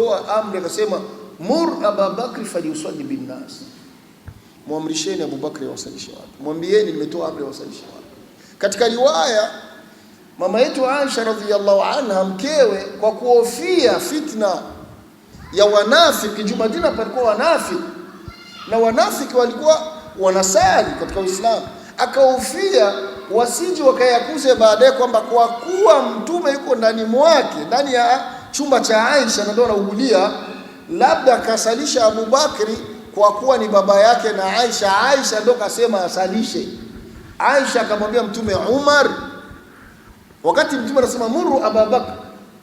akitoa amri akasema, mur Ababakri falyusalli binnas, muamrisheni Abubakri awasalishe watu, mwambieni nimetoa amri awasalishe watu. Katika riwaya mama yetu Aisha radhiyallahu anha, mkewe kwa kuhofia fitna ya wanafiki, juu Madina palikuwa wanafiki na wanafiki walikuwa wanasali katika Uislamu, akahofia wasije wakayakuse baadaye kwamba kwa kuwa mtume yuko ndani mwake ndani ya chumba cha Aisha na ndio anaugulia, labda kasalisha Abubakri kwa kuwa ni baba yake na Aisha. Aisha ndio kasema asalishe. Aisha akamwambia Mtume Umar, wakati Mtume anasema muru Bakr,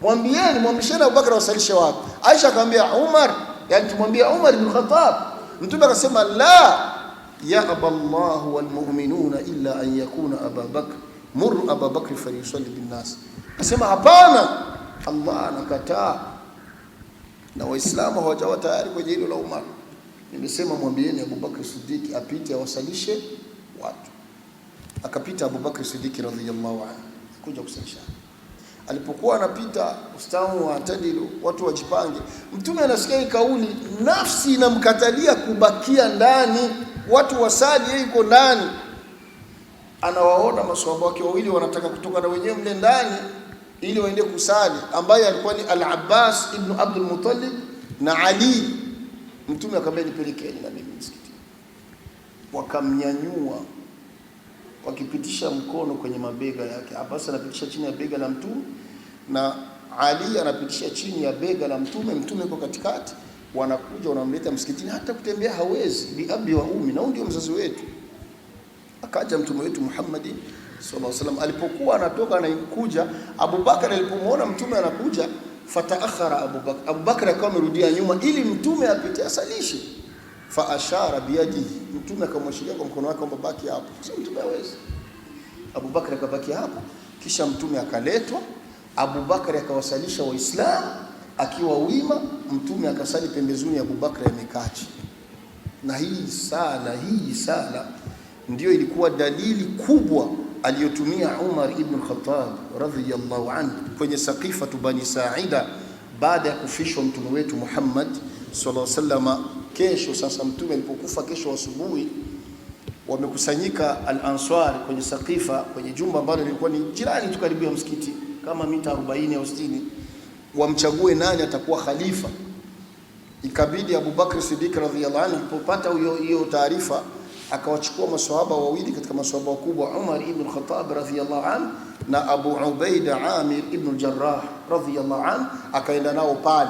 mwambieni, Abu Bakr asalishe wapi? Aisha akamwambia Umar, yani tumwambia Umar ibn Khattab. Mtume akasema la yaba wal mu'minuna illa an yakuna Bakr, muru Abubakar falyusalli nas. Akasema hapana Allah anakataa na Waislamu hawajawa tayari kwenye hilo la Umar. Nimesema mwambieni Abubakar Siddiq apite awasalishe watu. Akapita Abubakar Siddiq radhiyallahu anhu kuja kusalisha. Alipokuwa anapita ustamu wa tadilu, watu wajipange. Mtume anasikia kauli, nafsi inamkatalia kubakia ndani, watu wasali, yeye yuko ndani. Anawaona maswahaba wake wawili wanataka kutoka na wenyewe mle ndani ili waende kusali, ambaye alikuwa ni Al-Abbas ibn Abdul Muttalib na Ali. Mtume akamwambia nipelekeni na mimi msikiti, wakamnyanyua wakipitisha mkono kwenye mabega yake. Abbas anapitisha chini ya bega la mtume na Ali anapitisha chini ya bega la mtume, mtume yuko katikati, wanakuja wanamleta msikitini, hata kutembea hawezi, bi abi wa umi na huyo ndio mzazi wetu. Akaja mtume wetu Muhammad sallallahu alaihi wasallam, alipokuwa anatoka anakuja, Abubakar alipomwona mtume anakuja, fataakhara Abubakar, Abubakar akawa amerudia nyuma ili mtume apite asalishe. Faashara biyadihi, mtume akamwashiria kwa mkono wake kwamba baki hapo, sio mtume hawezi. Abubakar akabaki hapo, kisha mtume akaletwa. Abubakar akawasalisha Waislamu akiwa wima, mtume akasali pembezuni pembezoni, Abubakar amekaa Na hii sala hii sala ndio ilikuwa dalili kubwa aliyotumia Umar ibn Khattab radhiyallahu anhu kwenye Saqifatu Bani Saida baada ya kufishwa mtume wetu Muhammad sallallahu alaihi wasallam. Kesho sasa, mtume alipokufa, kesho asubuhi wamekusanyika al-Ansar kwenye Saqifa, kwenye jumba ambalo lilikuwa ni jirani tu karibu ya msikiti kama mita 40 au 60, wamchague nani atakuwa khalifa. Ikabidi Abu Bakr Siddiq radhiyallahu anhu alipopata hiyo taarifa akawachukua maswahaba wawili katika maswahaba wakubwa Umar ibn al-Khattab radhiyallahu an na Abu Ubaida Amir ibn al-Jarrah radhiyallahu an, akaenda nao pale,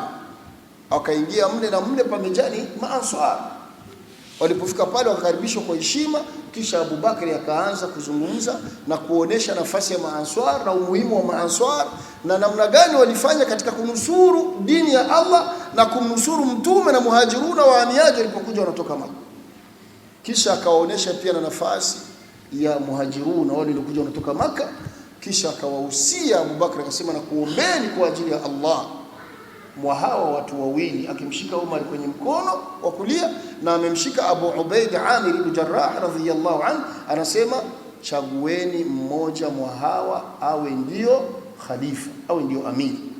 akaingia mle na mle pamejani maanswar. Walipofika pale wakakaribishwa kwa heshima, kisha Abu Bakari akaanza kuzungumza na kuonesha nafasi ya maanswar na umuhimu wa maanswar na namna gani walifanya katika kunusuru dini ya Allah na kumnusuru mtume na muhajiruna wahamiaji walipokuja wanatoka Makkah. Kisha akawaonyesha pia na nafasi ya muhajiru na wale waliokuja wanatoka Maka. Kisha akawahusia Abubakar akasema, na kuombeni kwa ajili ya Allah mwa hawa watu wawili, akimshika Umar kwenye mkono wa kulia na amemshika Abu Ubaid Amir ibn Jarrah radhiyallahu an, anasema chagueni mmoja mwa hawa awe ndio khalifa, awe ndio amiri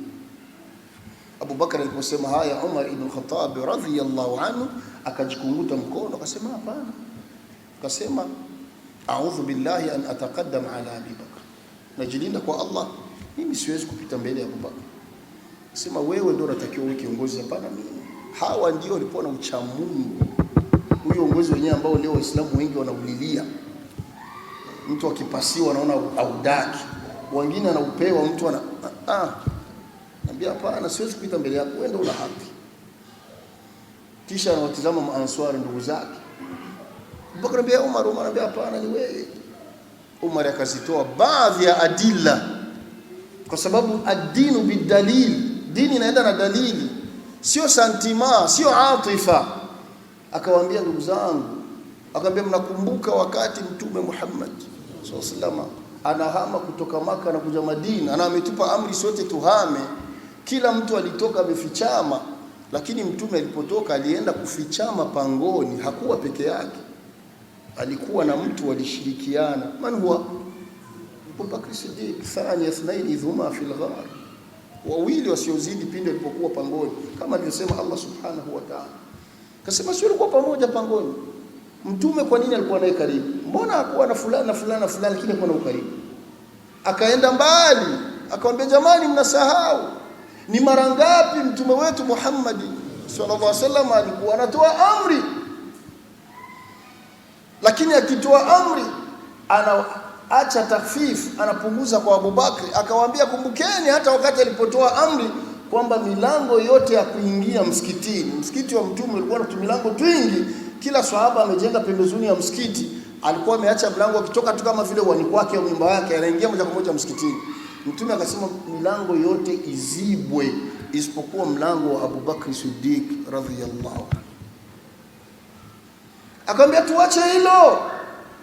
Abu Bakar aliposema haya, Umar ibn Khattab radhiyallahu anhu akajikunguta mkono akasema, hapana, akasema a'udhu billahi an ataqaddam ala Abi Bakar, najilinda kwa Allah, mimi siwezi kupita mbele ya Abu Bakar. Akasema, wewe ndio unatakiwa uwe kiongozi, hapana mimi. Hawa ndio walikuwa na uchamungu, huyo uongozi wenyewe ambao leo Waislamu wengi wanaulilia. Mtu akipasiwa anaona audaki, wengine anaupewa mtu ana ah, ah. Anambia hapana, siwezi kupita mbele yako, wewe ndio una haki. Kisha anawatizama maanswari ndugu zake. Abubakar anambia Umar, Umar anambia hapana, ni wewe. Umar akazitoa baadhi ya adilla, kwa sababu adinu bidalil, dini inaenda na dalili, sio santima, sio atifa. Akawaambia ndugu zangu, akaambia mnakumbuka wakati Mtume Muhammad sallallahu alaihi wasallam anahama kutoka Maka na kuja Madina, na ametupa amri sote tuhame kila mtu alitoka amefichama, lakini mtume alipotoka alienda kufichama pangoni. Hakuwa peke yake, alikuwa na mtu walishirikiana. man huwa Abubakr Siddiq thani ithnaini idhuma fil ghar, wawili wasiozidi pindi walipokuwa pangoni, kama alivyosema Allah subhanahu wa ta'ala. Kasema sio alikuwa pamoja pangoni mtume. Kwa nini alikuwa naye karibu? Mbona hakuwa na fulani na fulani na fulani, lakini alikuwa na ukaribu. Akaenda mbali, akamwambia jamani, mnasahau ni mara ngapi mtume wetu Muhammad sallallahu alaihi wasallam alikuwa anatoa amri, lakini akitoa amri anaacha takfifu, anapunguza kwa Abubakri, akawaambia kumbukeni, hata wakati alipotoa amri kwamba milango yote ya kuingia msikitini, msikiti wa mtume ulikuwa na milango twingi, kila swahaba amejenga pembezoni ya msikiti, alikuwa ameacha mlango, akitoka tu kama vile uani kwake au nyumba yake, anaingia moja kwa moja msikitini. Mtume akasema milango yote izibwe isipokuwa mlango wa Abubakri Siddiq radhiyallahu anhu. Akaambia tuache hilo,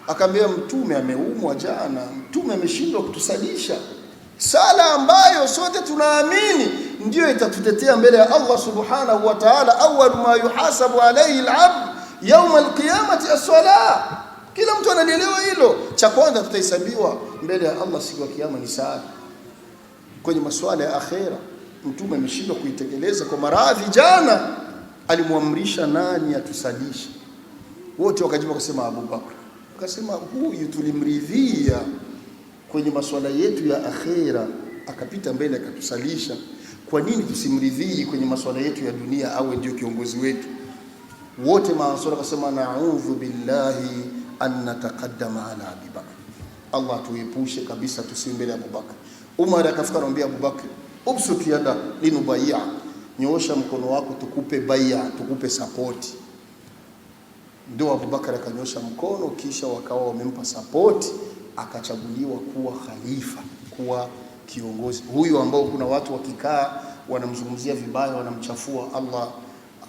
akaambia mtume ameumwa jana, mtume ameshindwa kutusalisha sala ambayo sote tunaamini ndio itatutetea mbele ya Allah subhanahu wa ta'ala. awwal ma yuhasabu alayhi al-abd yawm al-qiyamati as Kila mtu analielewa hilo, cha kwanza tutahesabiwa mbele ya Allah siku ya kiyama ni sala kwenye masuala ya akhera. Mtume ameshindwa kuitekeleza kwa maradhi. Jana alimwamrisha nani atusalishe, wote wakajibu wakasema Abubakar. Akasema huyu tulimridhia kwenye masuala yetu ya akhera, akapita mbele akatusalisha. Kwa nini tusimridhii kwenye masuala yetu ya dunia, awe ndio kiongozi wetu? Wote maasura akasema naudhu billahi an nataqaddama ala Abubakar. Allah tuepushe kabisa tusimbele mbele Abubakar. Umar akafika anamwambia Abubakar, ubsut yada linubaia, nyoosha mkono wako tukupe baia, tukupe sapoti. Ndio Abubakar akanyosha mkono, kisha wakawa wamempa sapoti, akachaguliwa kuwa khalifa, kuwa kiongozi huyu ambao kuna watu wakikaa wanamzungumzia vibaya, wanamchafua. Allah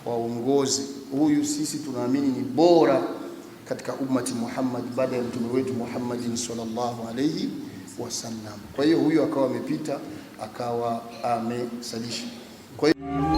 waongoze huyu. Sisi tunaamini ni bora katika ummati Muhammad baada ya mtume wetu Muhammad sallallahu alayhi wasallam. Kwa hiyo huyu akawa amepita akawa amesalisha. Kwa hiyo